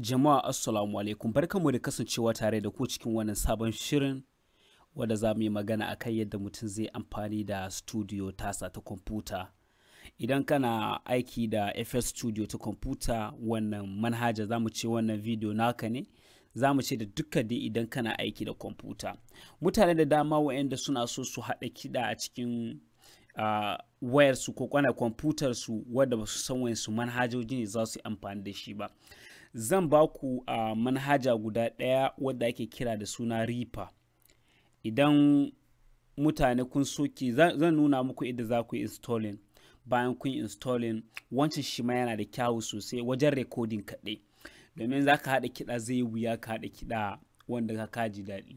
Jama'a assalamu alaikum barkanmu da kasancewa tare da ku cikin wannan sabon shirin wanda za mu yi magana akan yadda mutum zai amfani da studio tasa ta kwamfuta. Idan kana aiki da FS Studio ta kwamfuta wannan manhaja za mu ce wannan video naka ne za mu ce da duka dai idan kana aiki da kwamfuta. Mutane da dama wayanda suna so su haɗa kiɗa a cikin wayarsu ko kwana kwamfutarsu wadda ba su san wayansu manhajoji ne za su yi amfani da shi ba zan ba ku a manhaja guda ɗaya wadda ake kira da suna ripa idan mutane kun soke zan nuna muku yadda za ku yi installing bayan kun installing wancan shi ma yana da kyawu sosai wajen recording kaɗai domin za ka haɗa kiɗa zai wuya ka haɗa kiɗa wanda ka kaji daɗi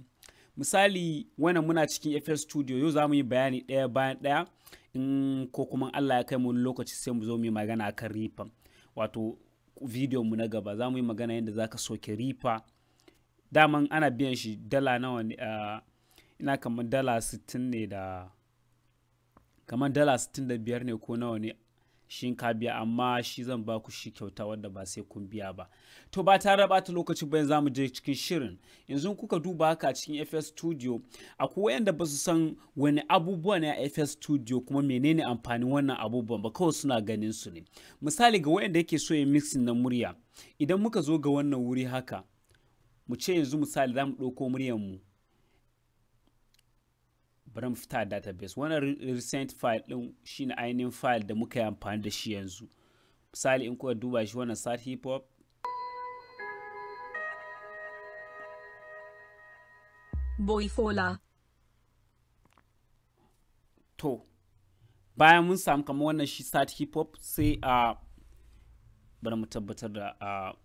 misali wannan muna cikin fs studio yau za mu yi bayani ɗaya bayan ɗaya in ko kuma allah ya kai mu lokaci sai mu zo mu yi magana kan ripan wato bidiyon mu na gaba za mu yi magana yadda za ka soke rifa daman ana biyan shi dala nawa ne ah, ina kamar dala 60 ne da kamar dala 65 ne ko nawa ne shin ka biya amma shi zan ba ku shi kyauta wadda ba sai kun biya ba to ba tare da bata lokaci bayan zamu je cikin shirin yanzu kuka duba haka cikin FS Studio akwai wayanda ba su san wani abubuwa ne FS Studio kuma menene amfanin wannan abubuwan ba kawai suna ganin su ne misali ga wayanda yake so ya mixin na murya idan muka zo ga wannan wuri haka mu ce yanzu misali zamu ɗauko muryar mu bari mu fita database wannan recent file din shine ainihin file da muka yi amfani da shi yanzu misali in kuka duba shi wannan sat hip hop boy fola to bayan mun samu kamar wannan shi sat hip hop sai a bari mu tabbatar da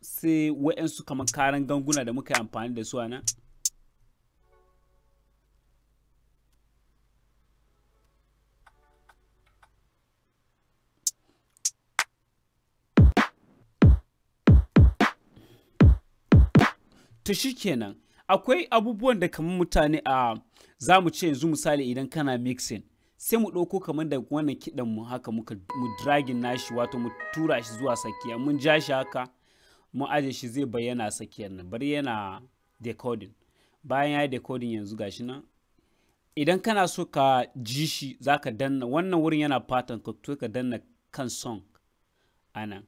sai wa'yansu kamar karan ganguna da muka yi amfani da su a nan ta shi kenan akwai abubuwan da kamar mutane a za mu ce yanzu misali idan kana mixing sai mu ɗauko kamar da wannan kiɗan mu haka muka mu dragin nashi wato mu tura shi zuwa sakiya mun ja shi haka mun aje shi zai bayyana sakiyar nan bari yana decoding bayan ya yi decoding yanzu gashi nan idan kana so ka ji shi zaka danna wannan wurin yana fatan ka to ka danna kan song anan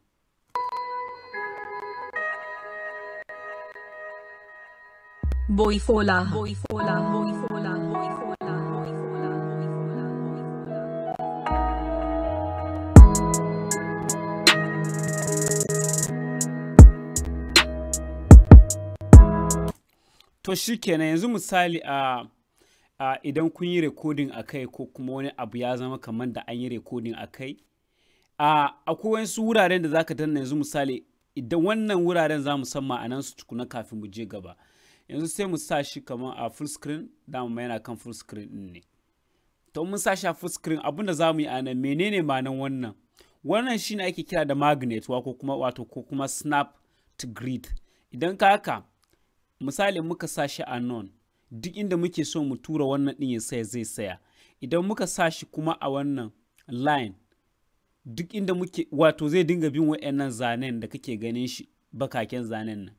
Boifola. Boifola. Boifola. Boifola. To shi kenan yanzu misali a idan kun yi rekodin a kai ko kuma wani abu ya zama kamar da an yi rekodin a kai, a akwai wasu wuraren da za ka danna yanzu misali idan wannan wuraren za mu san ma'anansu tukuna kafin mu je gaba. yanzu sai mu sa shi kamar a full screen dama yana kan full screen din ne to mun sa shi a full screen abin da zamu yi a nan menene ma'anan wannan wannan shine ake kira da magnet ko kuma wato ko kuma snap to grid idan ka haka misali muka sa shi a non duk inda muke so mu tura wannan din ya saya zai saya idan muka sa shi kuma a wannan line duk inda muke wato zai dinga bin wa'annan zanen da kake ganin shi bakaken zanen nan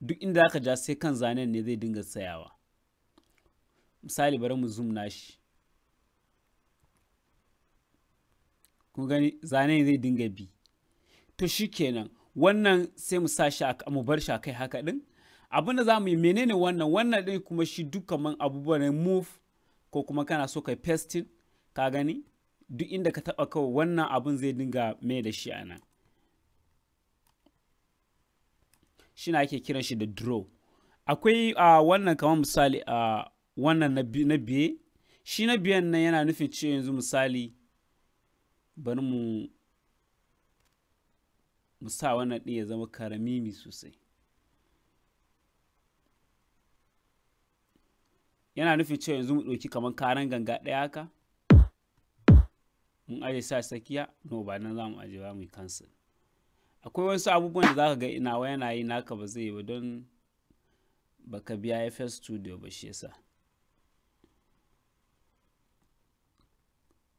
duk inda aka ja sai kan zanen ne zai dinga tsayawa misali bari mu zoom nashi kun gani zanen zai dinga bi to kenan wannan sai mu sashi mu bar shi kai haka din abin da za mu yi menene wannan wannan din kuma shi duk abubuwa abubuwan move ko kuma kana so kai pasting ka gani duk inda ka taba kawai wannan abin zai dinga mai da shi a nan shi ake kiran shi da draw akwai a wannan kamar misali a wannan na biye shi na biyan nan yana nufin cewa yanzu misali bari mu mu sa wannan ɗin ya zama karamimi sosai yana nufin cewa yanzu mu ɗauki kamar karan ganga ɗaya haka mun aje sa tsakiya no ba nan za mu aje ba mu yi cancel akwai wasu abubuwan da zaka ga ina yana yi naka ba zai yi ba don ka biya FL Studio ba shi yasa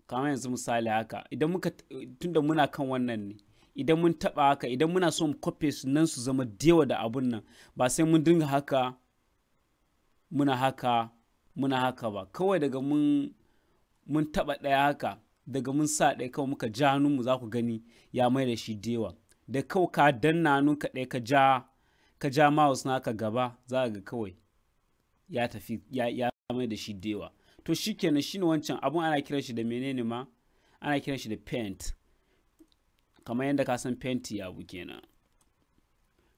kamar yanzu misali haka idan muka tunda muna kan wannan ne idan mun taba haka idan muna so mu su nan su zama dewa da abun nan ba sai mun dinga haka muna haka muna haka ba kawai daga mun mun taba ɗaya haka daga mun sa ɗaya kawai muka ja mu za ku gani ya mai da shi dewa da kau ka danna nun ka ɗaya ka ja ka ja mouse naka gaba za ga kawai ya tafi ya mai da shi dewa to shikenan ne wancan abun ana kiran shi da menene ma ana kiran shi da paint kamar yadda ka san paint ya bu kenan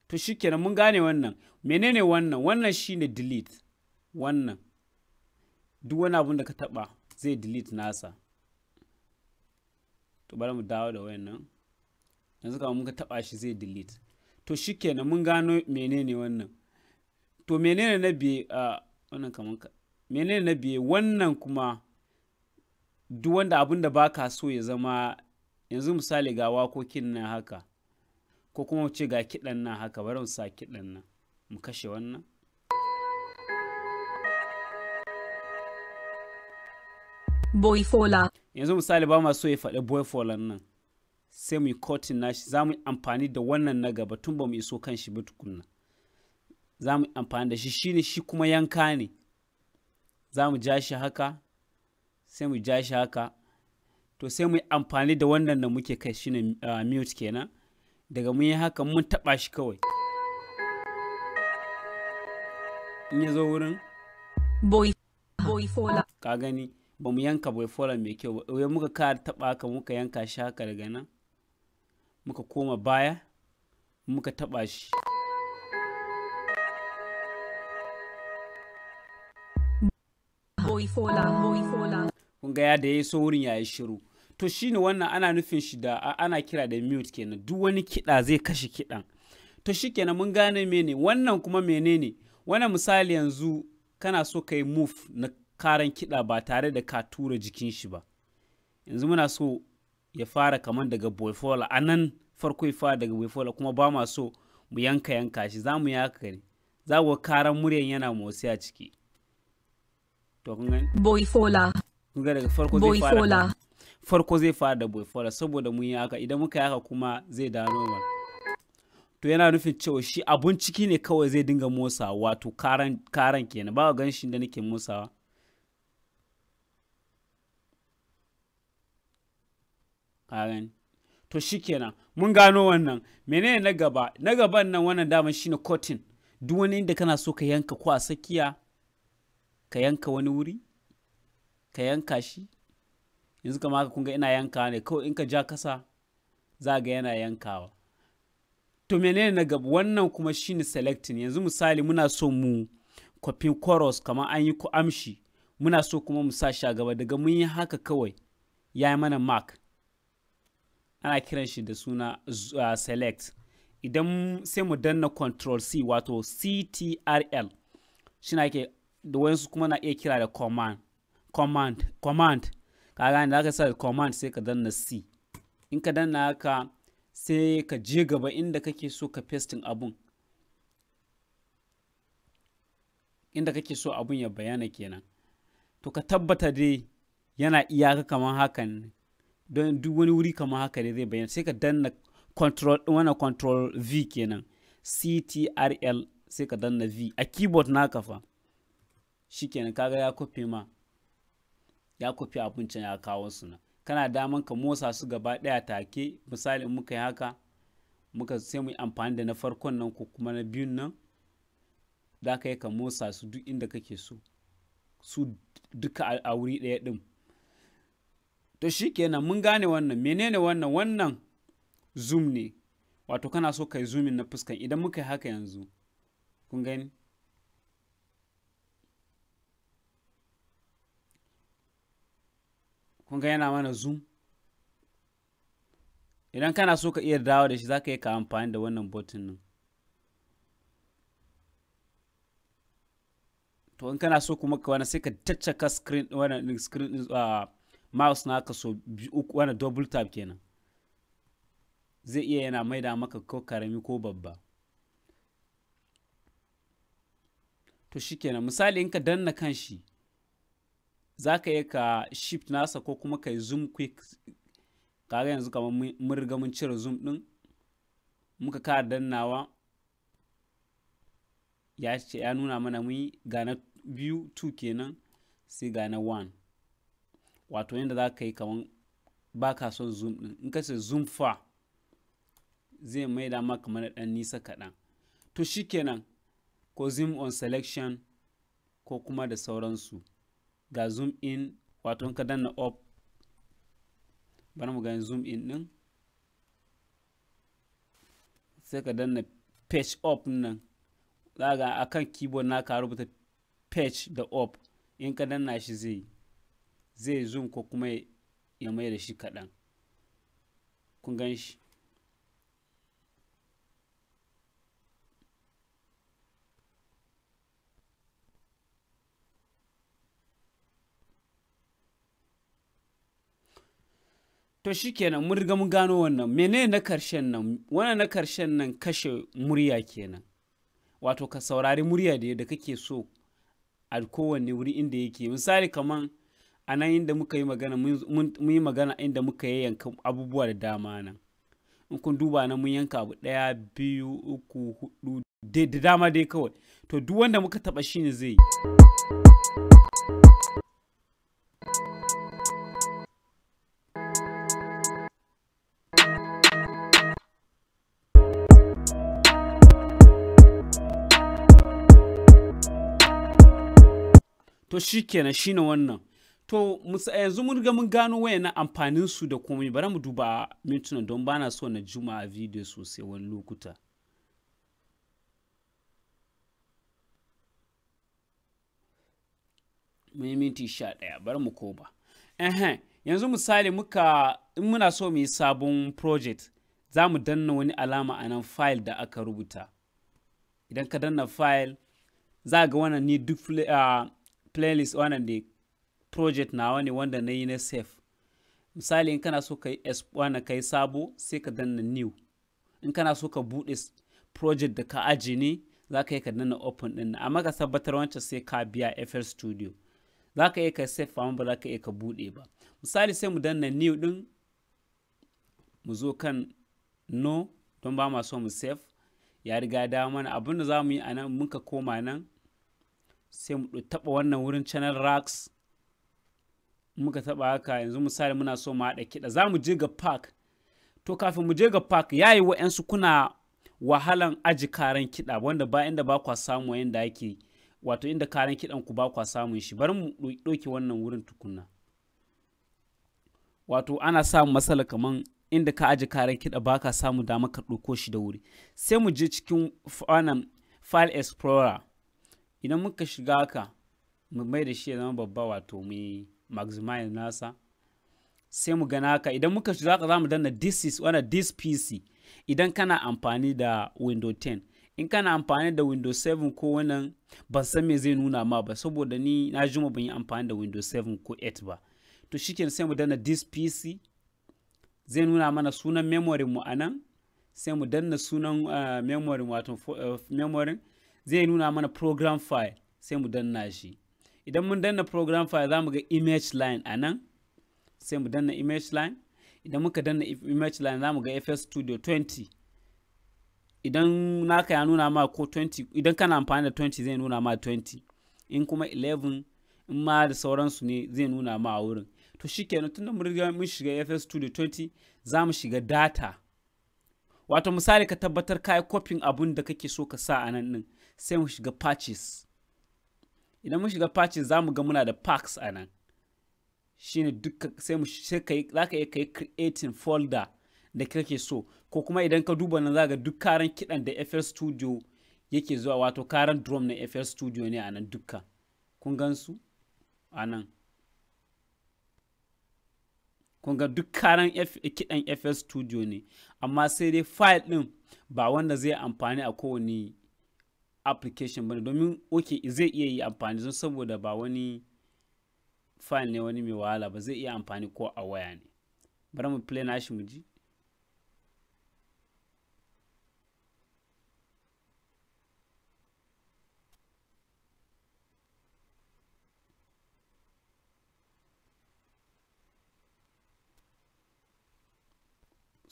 to shikenan mun gane wannan menene wannan wannan shi ne delete wannan duk wani abun da ka taba zai delete nasa to bari mu dawo da wayannan yanzu ga muka taba shi zai delete to shikenan mun gano menene wannan to menene na biye a wannan kaman menene na biye wannan kuma duk wanda abin da baka so ya zama yanzu misali ga wakokin nan haka ko kuma ce ga kiɗan nan haka bari mu sa kiɗan nan mu kashe wannan Fola. yanzu misali ba ma so ya faɗi Fola nan sai mu yi kotin nashi za mu yi amfani da wannan na gaba tun ba mu iso kan shi tukunna za mu yi amfani da shi shi ne shi kuma yanka ne za mu ja shi haka sai mu ja shi haka to sai mu yi amfani da wannan da muke kai shine ne mute kenan daga mun yi haka mun taɓa shi kawai in ya zo wurin boy boy fola ka gani ba mu yanka boy fola mai kyau ba muka ka taɓa haka muka yanka shi haka daga nan muka koma baya muka taɓa shi kunga ya da ya so wurin ya yi shiru to shine wannan ana nufin shi da ana kira da mute kenan duk wani kiɗa zai kashe kiɗan to shi kenan mun gane mene wannan kuma menene wannan misali yanzu kana so ka yi move na karan kiɗa ba tare da ka tura jikin shi ba yanzu muna so ya fara kamar daga boifola a nan farko ya fara daga boifola kuma ba ma so mu yanka yanka shi za mu yaka ne za ku karan muryan yana motsi a ciki to kun gani boifola kun ga daga farko zai fara farko zai fara da boifola saboda mun yi haka idan muka haka kuma zai da normal to yana nufin cewa shi abun ciki ne kawai zai dinga motsa wato karan karan kenan ba ga ganin shi da nake motsawa to shikenan mun gano wannan menene na gaba na gaban nan wannan daman shine cotton duk wani inda kana so ka yanka ko a sakiya ka yanka wani wuri ka yanka shi yanzu kama haka kun ga ina yankawa ne kawai in ka ja kasa za ga yana yankawa to menene na gaba wannan kuma shine selecting yanzu misali muna so mu kwafin chorus kamar an yi ku amshi muna so kuma mu sa shi a gaba daga mun yi haka kawai ya yi mana mark ana kiran shi da suna uh, select idan sai mu danna control c wato ctrl shi na ke da wayansu kuma na iya kira da command command command ka gane da aka sa command sai ka danna c in ka danna haka sai ka je gaba inda kake so ka pastin abun inda kake so abun ya bayana kenan to ka tabbata dai yana iyaka kamar hakan don duk wani wuri kamar haka ne zai bayyana sai ka danna control wannan control v kenan ctrl sai ka danna v a keyboard naka fa shikenan kaga ya kofi ma ya kofe abincin ya kawo su na kana daman ka motsa su gaba daya take misali muka yi haka muka sai mu amfani da na farkon nan ko kuma na biyun nan za ka yi ka motsa su duk inda kake so su duka a wuri ɗaya ɗin to shi kenan mun gane wannan menene wannan wannan zoom ne wato kana so kai zoomin na fuskan idan muka yi haka yanzu kun gani kun ga yana mana zoom idan kana so ka iya dawo da shi za ka yi ka amfani da wannan botin nan to in kana so kuma ka wani sai ka taccaka screen wannan screen uh, mouse naka so uku wani double tap kenan zai iya yana maida maka ko karami ko babba to shi kenan misali in ka danna kan shi za ka iya ka shift nasa ko kuma ka yi zoom quick kaga yanzu kamar mun riga mun cire zoom din muka ka dannawa ya ce ya nuna mana mun yi biyu 2 kenan sai ga na 1 wato yadda za ka yi kamar ba ka son zoom ɗin in ka ce zoom fa zai maida ma kamar ɗan nisa kaɗan to shikenan ko zoom on selection ko kuma da sauransu ga zoom in wato in ka danna up bari mu gani zoom in ɗin sai ka danna page up nan za ga akan keyboard na ka rubuta page da up in ka danna shi zai yi zai zoom ko kuma ya mai da shi kaɗan kun gan shi To shikenan mun riga mun gano wannan mene na karshen nan wannan na karshen nan kashe murya kenan wato ka saurari murya da yadda kake so a kowanne wuri inda yake misali kaman a nan inda muka yi magana mun yi magana inda muka yi yanka abubuwa da dama nan in kun duba na mun yanka abu ɗaya biyu uku hudu da dama dai kawai to duk wanda muka taɓa shi ne zai yi to shi kenan shine wannan to yanzu mun ga mun gano wayan amfanin su da komai bari mu duba mintuna don bana so na juma a video sosai wani lokuta mai minti sha ɗaya bari mu koma yanzu misali muka in muna so mu yi sabon project za mu danna wani alama a nan file da aka rubuta idan ka danna file za ga wannan ni duk ah, playlist wannan da project nawa ne wanda na yi na sef misali in kana so ka yi s1 ka yi sabo sai ka danna new in kana so ka bude project da ka aji ne za ka yi ka danna open ɗin amma ka tabbatar wancan sai ka biya FL Studio za ka yi ka safe amma ba za ka yi ka bude ba misali sai mu danna new din mu zo kan no don ba ma so mu sef ya riga da mana abin da za mu yi a nan mun ka koma nan sai mu taɓa wannan wurin channel racks muka taba haka yanzu misali muna so mu haɗa kiɗa za mu je ga park to kafin mu je ga park ya yi yayi wa'yansu kuna wahalan aji karan kiɗa wanda ba inda ba kwa samu yanda ake wato inda karan kiɗan ku ba kwa samun shi bari mu ɗauki wannan wurin tukunna wato ana samun matsala kaman inda ka aji karan kiɗa ba ka samu dama ka ɗauko shi da wuri sai mu je cikin wannan file explorer idan muka shiga haka mu mai da shi ya zama babba wato mu maximize nasa sai mu gana ka idan muka shi za mu danna this is wanda this pc idan kana amfani da window 10 in kana amfani da window 7 ko wannan ban san me zai nuna ma ba saboda ni na jima ban yi amfani da window 7 ko 8 ba to shikin sai mu danna this pc zai nuna mana sunan memory mu anan sai mu danna sunan uh, memory wato uh, memory zai nuna mana program file sai mu danna shi idan mun danna program file za mu ga image line a nan sai mu danna image line idan muka danna image line za mu ga fs studio 20 idan naka ya nuna ma ko 20 idan kana amfani da 20 zai nuna ma 20 in kuma 11 in ma da sauransu ne zai nuna ma a wurin to shikenan tunda mun riga mun shiga fs studio 20 za mu shiga data wato misali ka tabbatar ka yi copying abun da kake so ka sa a nan din sai mu shiga patches idan mun shiga patching za mu ga muna da packs a nan shine duka sai mu kai za ka iya kai creating folder da kake so ko kuma idan ka duba nan za ga duk karan kidan da FL Studio yake zuwa wato karan drum na FL Studio ne a nan duka kun gan su a nan kun ga duk karan kidan FL Studio ne amma sai dai file din ba wanda zai amfani a kowane application bane domin ok zai iya yi amfani zan saboda ba wani file ne wani mai wahala ba zai iya amfani ko a waya ne bari mu play shi mu ji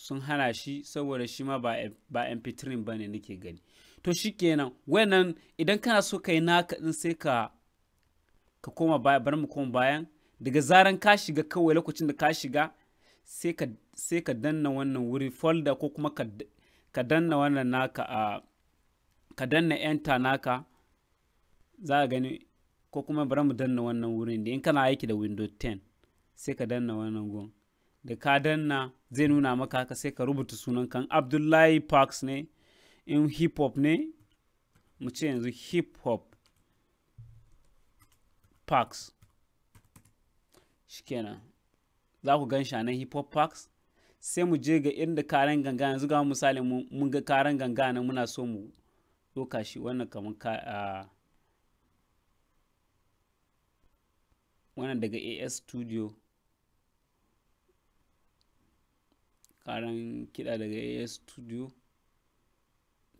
sun hana shi saboda shi ma ba mp3 ba ne nake gani to shi kenan wannan idan kana so ka yi naka din sai ka ka koma baya bar mu koma bayan daga zaran ka shiga kawai lokacin da ka shiga sai ka sai ka danna wannan wuri folder ko kuma ka ka danna wannan naka a ka danna enter naka za ka gani ko kuma bari mu danna wannan wurin da in kana aiki da window 10 sai ka danna wannan gun da ka danna zai nuna maka haka sai ka rubuta sunan kan abdullahi parks ne in hip hop ne mu ce yanzu hip hop parks shikenan za ku gan shanen hip hop parks sai mu je ga inda karen ganga yanzu ga misali mun ga karen ganga na muna so mu doka shi wannan kamar ka wannan daga as studio karan kiɗa daga AS studio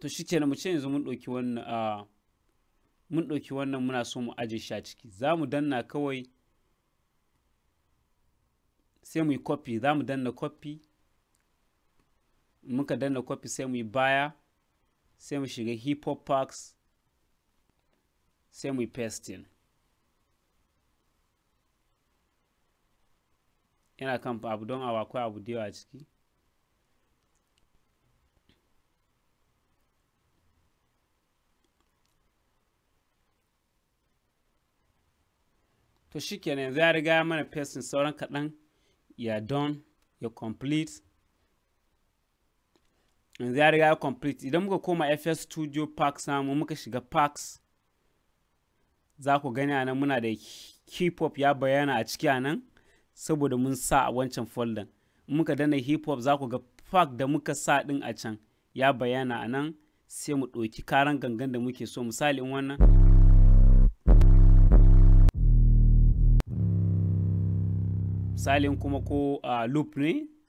to shi na mu ce yanzu mun ɗauki wannan a mun ɗauki wannan muna so mu aje shi a ciki za mu danna kawai sai mu yi copy za mu danna copy muka danna copy sai mu yi baya sai mu shiga hip hop packs sai mu yi pasting yana kan abu don awa akwai abu da yawa ciki to shikenan yanzu ya riga mana fesin sauran kaɗan ya don ya complete yanzu ya riga ya complete idan muka koma fs studio park samu muka shiga parks za ku gani a nan muna da hip hop ya bayyana a ciki a nan saboda mun sa a wancan folder muka dana hip hop za ku ga park da muka sa din a can ya bayyana a nan sai mu ɗauki karan gangan da muke so misali in wannan salen kuma ko loop ne né?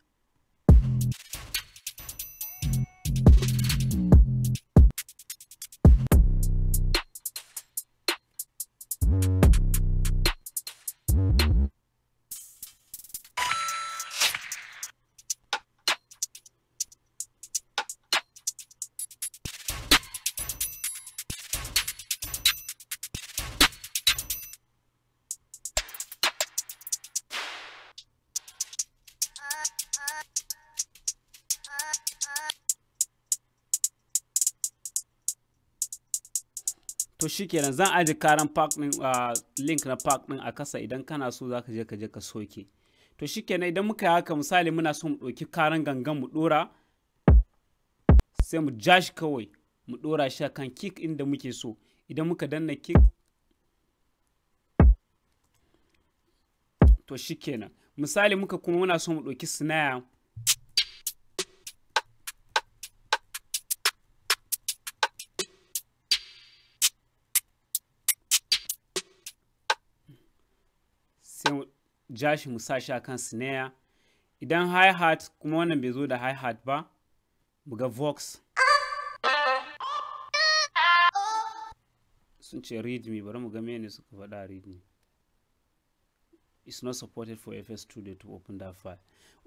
to shikenan zan aji karan park din ah, link na park din a kasa idan kana so zaka je ka je ka soke to shikenan idan muka yi haka misali muna so mu ɗauki karan gangan mu ɗora sai mu jash kawai mu ɗora shi kan kick inda muke so idan muka danna kick to shikenan misali muka kuma muna so mu ɗauki sinaya ja shi mu sa shi akan snare idan hi-hat kuma wannan bai zo da hi-hat ba mu ga vox sun ce read me bari mu ga mene suka faɗa read me it's not supported for fs2 to open that file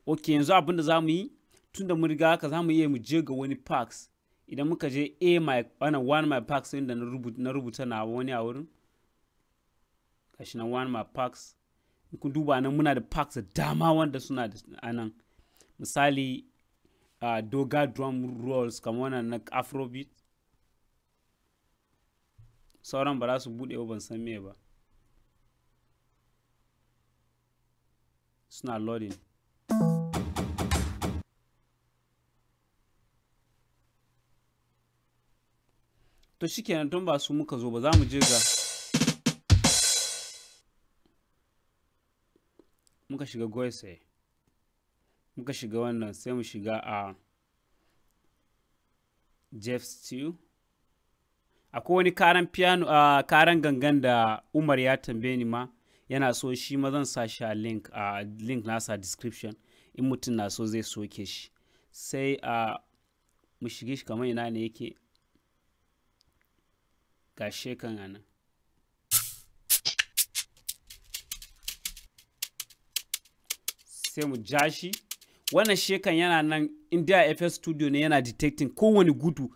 ok yanzu abinda za mu yi tun da mu riga haka za mu iya mu je ga wani parks idan muka je a my ana one my parks inda na rubuta na wani a wurin gashi na one my parks kun duba nan muna da parks da dama wanda suna da anan misali uh, doga drum rolls kamar wannan na afrobeat sauran ba za su bude ban san me ba suna loading to kenan tun ba su muka zo ba za mu je ga muka shiga goise eh, muka shiga wannan sai mu shiga a jeff stew akwai wani karan piano a karan gangan da umar ya tambaye ni ma yana so shi ma zan sa shi a link a link nasa description in mutum na so zai soke shi sai a mu shige shi kamar ina ne yake ga shekan anan sai mu ja shi wannan shekan yana nan india fs studio ne yana detecting kowane gudu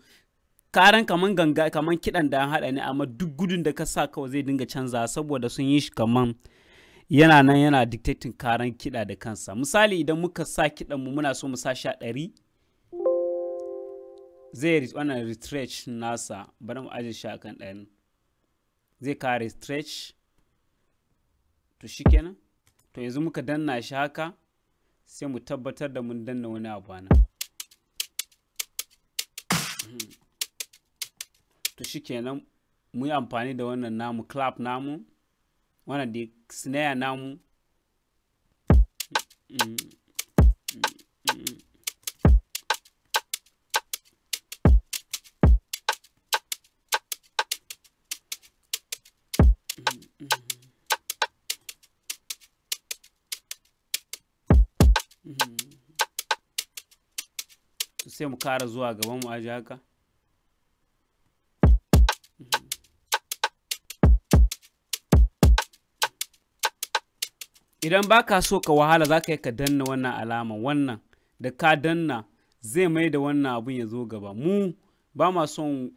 karan kaman ganga kaman kidan da an hada ne amma duk gudun da ka sa kawai zai dinga canza saboda sun yi shi kaman yana nan yana detecting karan kida da kansa misali idan muka sa kidan mu muna so mu sa sha ɗari zai wannan retreat nasa bari mu aje sha kan dan zai ka retreat to shikenan to yanzu muka danna shi haka sai mu tabbatar da mun danna wani abu ana hmm. to shikenan mu yi amfani da wannan namu clap namu wannan da snare namu mm -hmm. hmm. hmm. sai mu kara zuwa gaban mu aji haka idan baka so ka wahala za ka yi ka danna wannan alama wannan da ka danna zai mai da wannan abun ya zo gaba mu ba ma son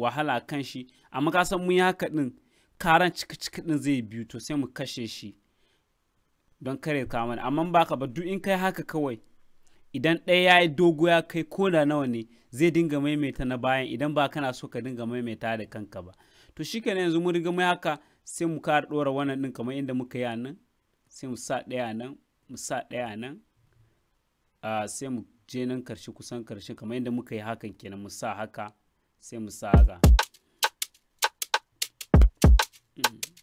wahala kan shi amma ka san mun yi haka din karan cika cika din zai biyu to sai mu kashe shi don kare kamar amma baka ba duk in kai haka kawai idan ɗaya ya yi dogo ya kai ko da nawa ne zai dinga maimaita na bayan idan ba kana so ka dinga maimaita da kanka ba to shi kenan yanzu mun riga mai haka sai mu kara ɗora wannan ɗin kamar inda muka yi a nan sai mu sa ɗaya nan mu sa ɗaya nan sai mu je nan karshe kusan karshe kamar inda muka yi hakan kenan mu sa haka sai mu sa haka mm.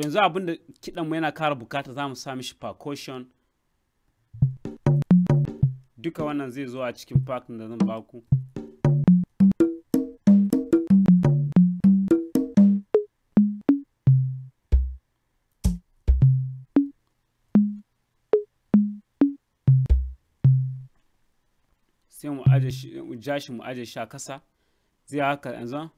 to yanzu abin da kiɗan mu yana kara bukata za mu sa mishi percussion duka wannan zai zo a cikin park da zan baku sai mu aje shi mu aje shi a kasa zai haka yanzu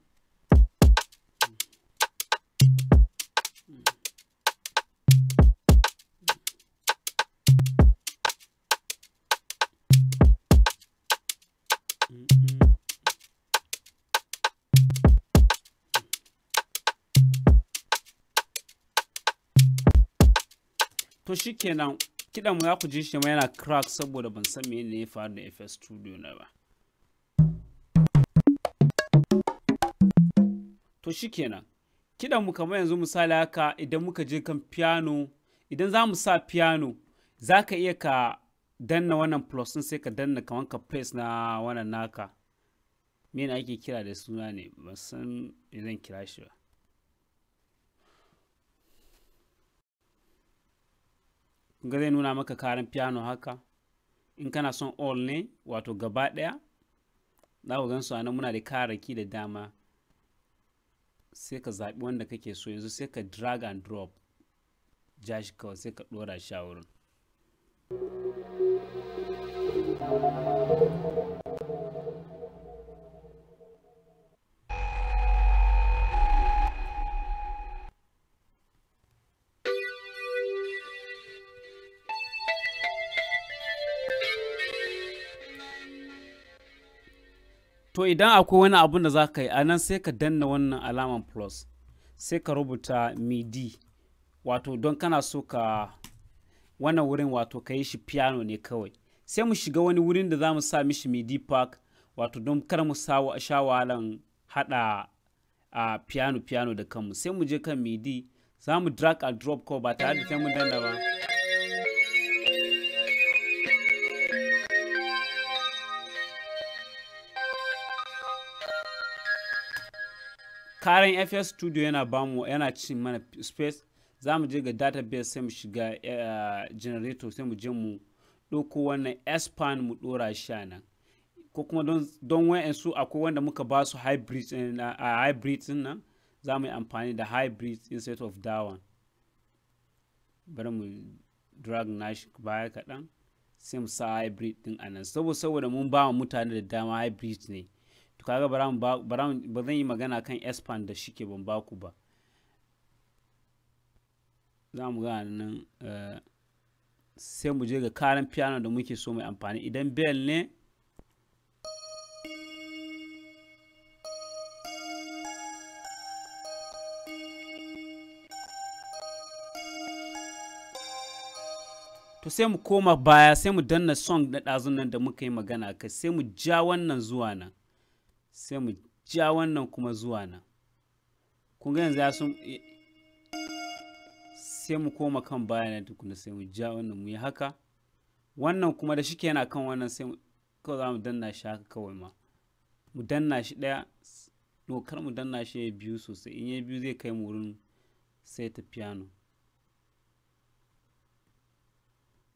to shikenan kidan mu ya ku ji shi ma yana crack saboda ban san me ne ya faru da FS Studio na ba to shikenan kidan mu kamar yanzu misali haka idan muka je kan piano idan za mu sa piano za ka iya ka danna wannan plus sai ka danna kamar ka press na wannan naka me ake kira da suna ne ban san idan kira shi ba ga zai nuna maka karin piano haka in kana son all ne wato gaba ɗaya za ku gan su nan muna da karaki da dama sai ka zaɓi wanda kake so yanzu sai ka drag and drop ja kawai sai ka ɗora shawarar. wurin to idan akwai wani abun da za ka yi a nan sai ka danna wannan alaman plus sai ka rubuta midi wato don kana so ka wannan wurin wato ka yi shi piano ne kawai sai mu shiga wani wurin da za mu sa mishi midi park wato don kar mu sha wahalan haɗa a piano piano da kanmu sai mu je kan midi za mu drag and drop ko ba tare da sai mu danna ba karen fs studio yana bamu yana cin mana space za mu je ga database sai mu shiga eh, generator sai mu je mu ɗauko wannan span mu ɗora shi nan ko kuma don wayan su akwai wanda muka ba su hybrid eh, a hybrid nan za mu yi amfani da hybrid instead of dawan bari mu drag nash baya kaɗan sai mu sa hybrid din a nan saboda mun ba mutane da dama hybrid ne kaga ba ba zan yi magana kan Espan da shike ban ba ku ba za mu ga nan eh, sai mu je ga karan piano da muke so mai amfani idan bell ne to sai mu koma baya sai mu danna song na ɗazun nan da muka yi magana kai sai mu ja wannan zuwa nan sai mu ja wannan kuma zuwa nan kun ga yanzu ya sun sai mu koma kan baya na tukuna sai mu ja wannan mu yi haka wannan kuma da shike yana kan wannan sai kawai za mu danna shi haka kawai ma mu danna shi ɗaya dokar mu danna shi ya biyu sosai in ya biyu zai kai mu wurin sai ta piano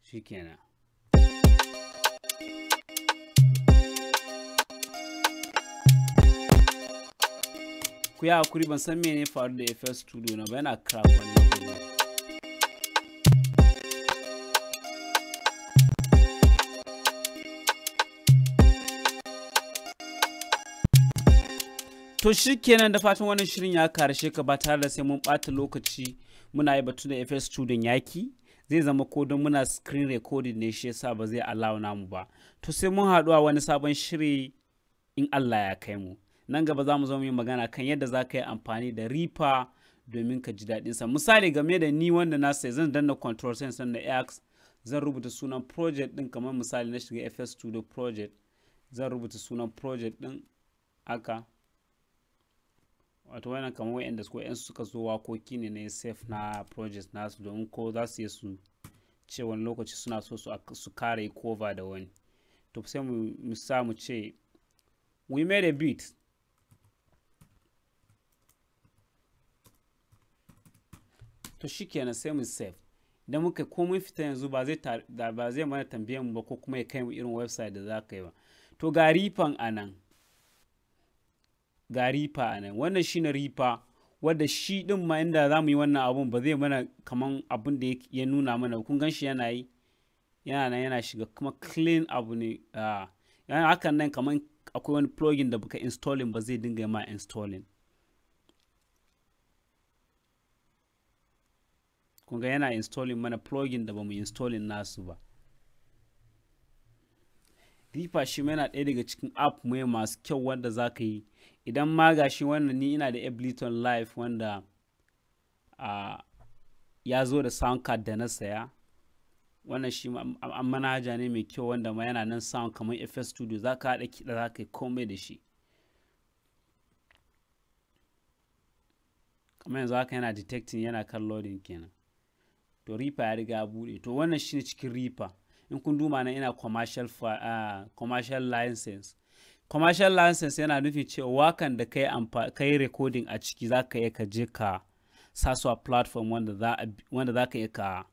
shikenan ku yi hakuri ban san mene faru da fs studio na ba yana crack wani to shi kenan da fatan wannan shirin ya karshe ka ba tare da sai mun bata lokaci muna yi batu da fs studio yaki zai zama ko don muna screen recording ne shi yasa ba zai allow namu ba to sai mun haɗu a wani sabon shiri in allah ya kai mu nan gaba za mu zo mu yi magana kan yadda za ka yi amfani da ripa domin ka ji daɗinsa misali game da ni wanda na sai zan danna control sense na x zan rubuta sunan project din kamar misali na shiga fs studio project zan rubuta sunan project din aka wato wannan kamar wa'anda ko yan suka zo wakoki ne na safe na project nasu domin ko za su yi su ce wani lokaci suna so su kare cover da wani to sai mu sa mu ce we made a beat to shikenan sai mu save idan muka ko mun fita yanzu ba zai ba zai mana tambayar mu ba ko kuma ya kai mu irin website da za ka yi ba to ga rifan anan ga rifa anan wannan shine rifa wadda shi din ma inda za mu yi wannan abun ba zai mana kaman abun da ya nuna mana kun gan shi yana yi yana nan yana shiga kuma clean abu ne ah, yana hakan nan kaman akwai wani plugin da baka installing ba zai dinga ma installing kunga yana installing mana plugin da ba mu installing nasu ba Reaper shi yana ɗaya daga cikin app mai masu kyau wanda za ka yi idan ma ga shi wannan ni ina da Ableton Live wanda uh, ya zo da sound card da na saya wannan shi an manaja ne mai kyau wanda ma yana nan sound kamar FS Studio za ka haɗa kiɗa za ka yi komai da shi kamar yanzu haka yana detecting yana kan loading kenan to ripa ya riga bude to wannan shine cikin ripa in kun duma nan ina commercial uh, commercial license commercial license yana nufin cewa wakan da kai kai recording a ciki za ka iya ka je ka sasuwa platform wanda za wanda zaka ka iya ka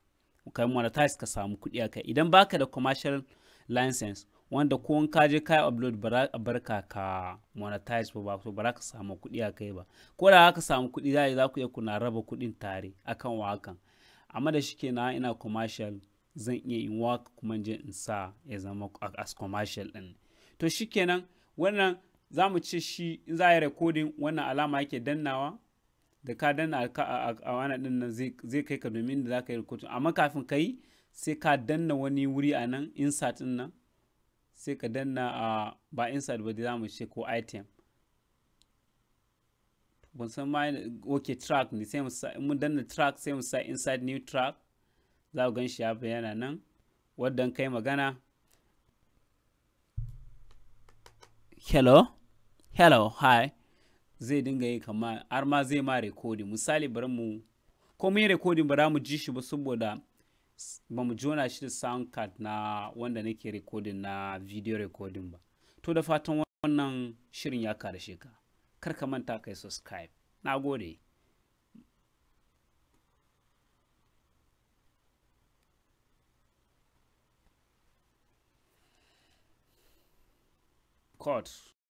kai monetize ka samu kuɗi a kai idan baka da commercial license wanda ko in ka je ka upload ba bar ka ka monetize ba to ba ka samu kuɗi a kai ba ko da ka samu kuɗi za ku iya kuna raba kuɗin tare akan wakan amma da shi kenan ina commercial zan iya yin work kuma je in sa ya zama as commercial din to shikenan kenan wannan za mu ce shi in za a yi recording wannan alama yake dannawa da ka danna a wani din nan zai kai ka domin da za ka yi recording amma kafin ka yi sai ka danna wani wuri a nan insert din nan sai ka danna a ba insert ba da za mu ce ko item ban san ma ok track ne sai musa in mun danna track sai musa inside new track za ku gan shi ya bayyana nan waddan kai magana hello hello hi zai dinga yi kama har ma zai ma recording misali bari mu ko mun yi recording ba mu ji shi ba saboda ba mu jona shi da sound card na wanda nake recording na video recording ba to da fatan wannan shirin ya karshe ka kar ka manta kai subscribe na gode court